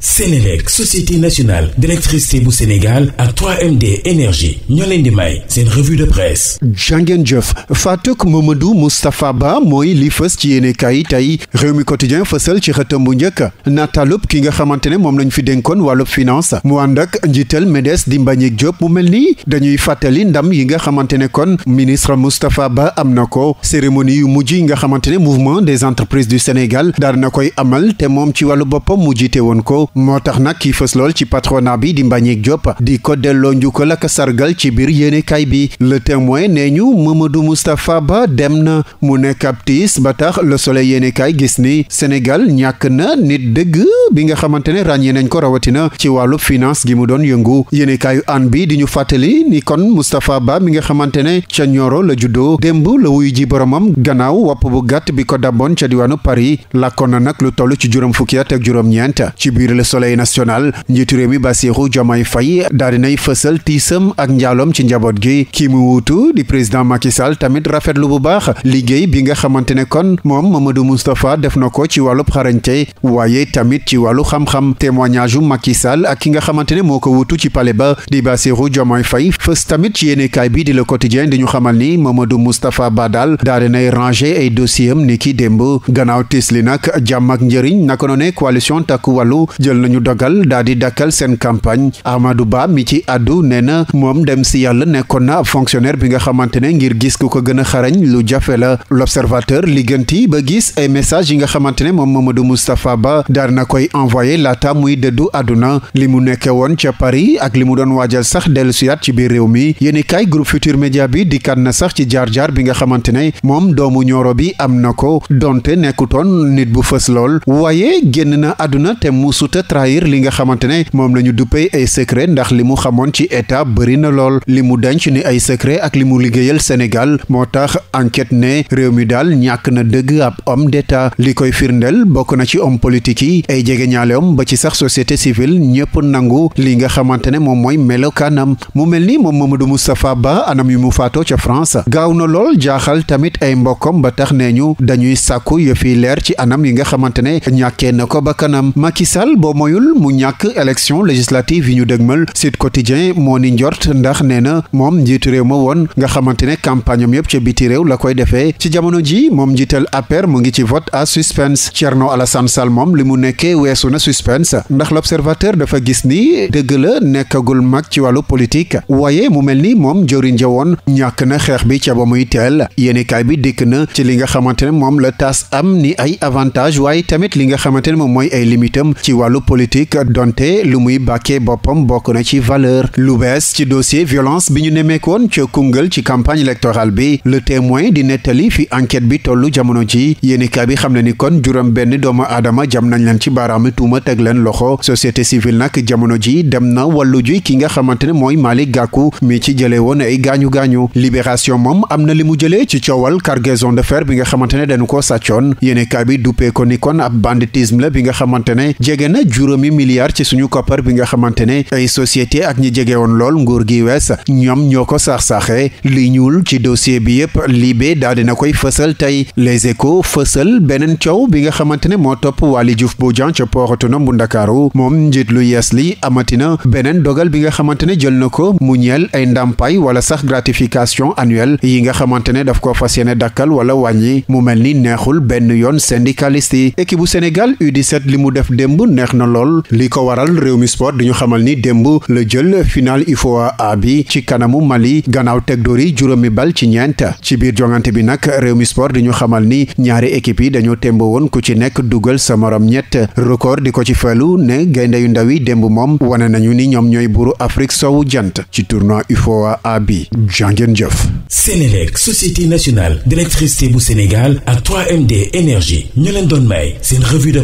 Sénélec société nationale d'électricité bu Sénégal ak 3MD énergie ñoo leen di may seen revue de presse jàngeen jëf faatuk Mamadou Moustapha Ba mooy li fës ci yéene kaay tey réew mi quotidien fësal ci xëtam bu njëkk nataalub ki nga xamante ne moom lañ fi dénkoon wàllub finance mu ànd ak njiital MEDES di Mbagnick Diop mu mel ni dañuy fàttali ndam yi nga xamante ne kon ministre Moustapha Ba am na ko cérémonie yu mujj yi nga xamante ne mouvement des entreprises du Sénégal daal na koy amal te moom ci wàllu boppam mu jiite woon ko moo tax nag ki fës lool ci patronat bi di Mbagnick Diop di ko delloo njukkal ak sargal ci biir yéenekaay bi le témoin nee ñu mëmadu Moustapha Ba dem na mu nekk ab ba tax la soleil yéenekaay gis ni Sénégal ñàkk na nit dëgg bi nga xamante ne ràññee nañ ko rawatina ci wàllu finance gi mu doon yëngu yéenekaayu an bi di ñu fàttali ni kon Moustapha Ba bi nga xamante ne ca Nioro la juddoo démb la wuyu ji boromam gannaaw wopp bu gàtt bi ko daboon ca diwaanu Paris làkkoon na nag lu toll ci juróom fukki at ak juróom ci biir le soleil national njiitu réew mi Bassirou Diomaye Faye daal dinay fësal tiisam ak njaaloom ci njaboot gi kii mu wuutu di président Macky Sall tamit rafetlu bu baax liggéey bi nga xamante ne kon moom Mamadou Moustapha def na ko ci wàllu xarañte waaye tamit ci wàllu xam-xam témoignage u Macky Sall ak ki nga xamante ne moo ko wutu ci pale ba di Bassirou Diomaye fay fës tamit ci yéenekaay bi di la quotidien di ñu xamal ni Mamadou Moustapha Badal daal dinay ranger ay dossier am ni ki gannaaw tis li nag jàmm ak njëriñ jël nañu dogal daal di dakkal seen campagne Amadou Ba mi ci àddu nee na moom dem si yàlla nekkoon na ab fonctionnaire bi nga xamante ne ngir gis ku ko gën a xarañ lu jafe la l'observateur ligganti ba gis ay message yi nga xamante ne moom Mamadou Moustapha Ba daal na koy envoyé laata muy dëddu àdduna li mu nekkee woon ca Paris ak li mu doon waajal sax dellu siyaat ci biir réew mi yéeni kaay groupe Futur Média bi dikkaat na sax ci jaar-jaar bi nga xamante ne moom doomu ñooro bi am na ko donte nekkutoon nit lool mënta trahir li nga xamante ne moom la ñu duppee ay secret ndax li mu xamoon ci état bëri na lool li mu denc ni ay secret ak li mu liggéeyal Sénégal moo tax enquête ne réew mi daal ñàkk na dëgg ab om d'état li koy firndeel bokk na ci om politique yi ay jegeñaaleem ba ci sax société civile ñëpp nangu li nga xamante ne moom mooy melo kaanam mu mel ni moom Mamadou Moustapha Ba anam yu mu faatoo ca France gaaw na lool jaaxal tamit ay mbokkom ba tax nee ñu dañuy sàkku yëfi leer ci anam yi nga xamante boo moyul mu ñàkk élection législative yi ñu dëgmal Sud Quotidien moo ni njort ndax nee na moom njiitu réew ma woon nga xamante ne campagne am yëpp ca biti réew la koy defee ci jamono ji moom njiital APR mu ngi ci vote à suspense Thierno Alassane Sall moom li mu nekkee weesu na suspense ndax l'observateur dafa gis ni dëgg la nekkagul mag ci wàllu politique waaye mu mel ni moom jëriñ ja ñàkk na xeex bi ca ba muy teel yéenekaay bi dikk na ci li nga xamante ne moom la taas am ni ay avantage waaye tamit li nga xamante ne moom mooy ay limitam wàllu politique donte lu muy bàkkee boppam bokk na ci valeur lu bees ci dossier violence bi ñu nemmeekoon ca Koungheul ci campagne électorale bi le témoin di nettali fi enquête bi tollu jamono ji yéenikaay bi xam ne ni kon juróom benn doomu aadama jam nañ leen ci baaraami tuuma teg leen loxo société civile nag jamono ji dem na wàllu ji ki nga xamante ne mooy Malick Gakou mi ci jëlee woon ay gaañu-gaañu libération moom am na li mu jëlee ci coowal cargaison de fer bi nga xamante ne dañu ko ko ni kon ab bi nga xamante ne jege juróomi milliard ci suñu koppar bi nga xamante ne ay société ak ñi jege woon lool nguur gi wees ñoom ñoo ko saax-saaxee li ñuul ci dossier bi yëpp Libé daal dina koy fësal tey Les Échos fësal beneen coow bi nga xamante ne moo topp Waly Diouf Bodian ca port autonome bu Ndakaaru moom njiit lu yees li amatina beneen dogal bi nga xamante ne jël na ko mu ñeel ay ndàmpaay wala sax gratification annuelle yi nga xamante ne daf ko fas yéene dakkal wala wàññi mu mel ni neexul benn yoon syndicaliste yi équipe bu Sénégal u mu def démb neex na lool li ko waral réew mi sport di ñu xamal ni démb la jël final UFOA A bi ci kanamu Mali gannaaw teg yi juróomi bal ci ñeent ci biir jongante bi nag réew mi sport di ñu xamal ni ñaari équipe yi dañoo temb woon ku ci nekk dugal sa morom ñett record di ko ci feelu ne gaynde yu ndaw yi démb moom wane nañu ni ñoom ñooy buuru Afrique sowu jant ci tournoi UFOA A bi jàngeen jëf Sénélec société nationale d'électricité bu Sénégal ak 3MD énergie ñu leen doon may seen revue de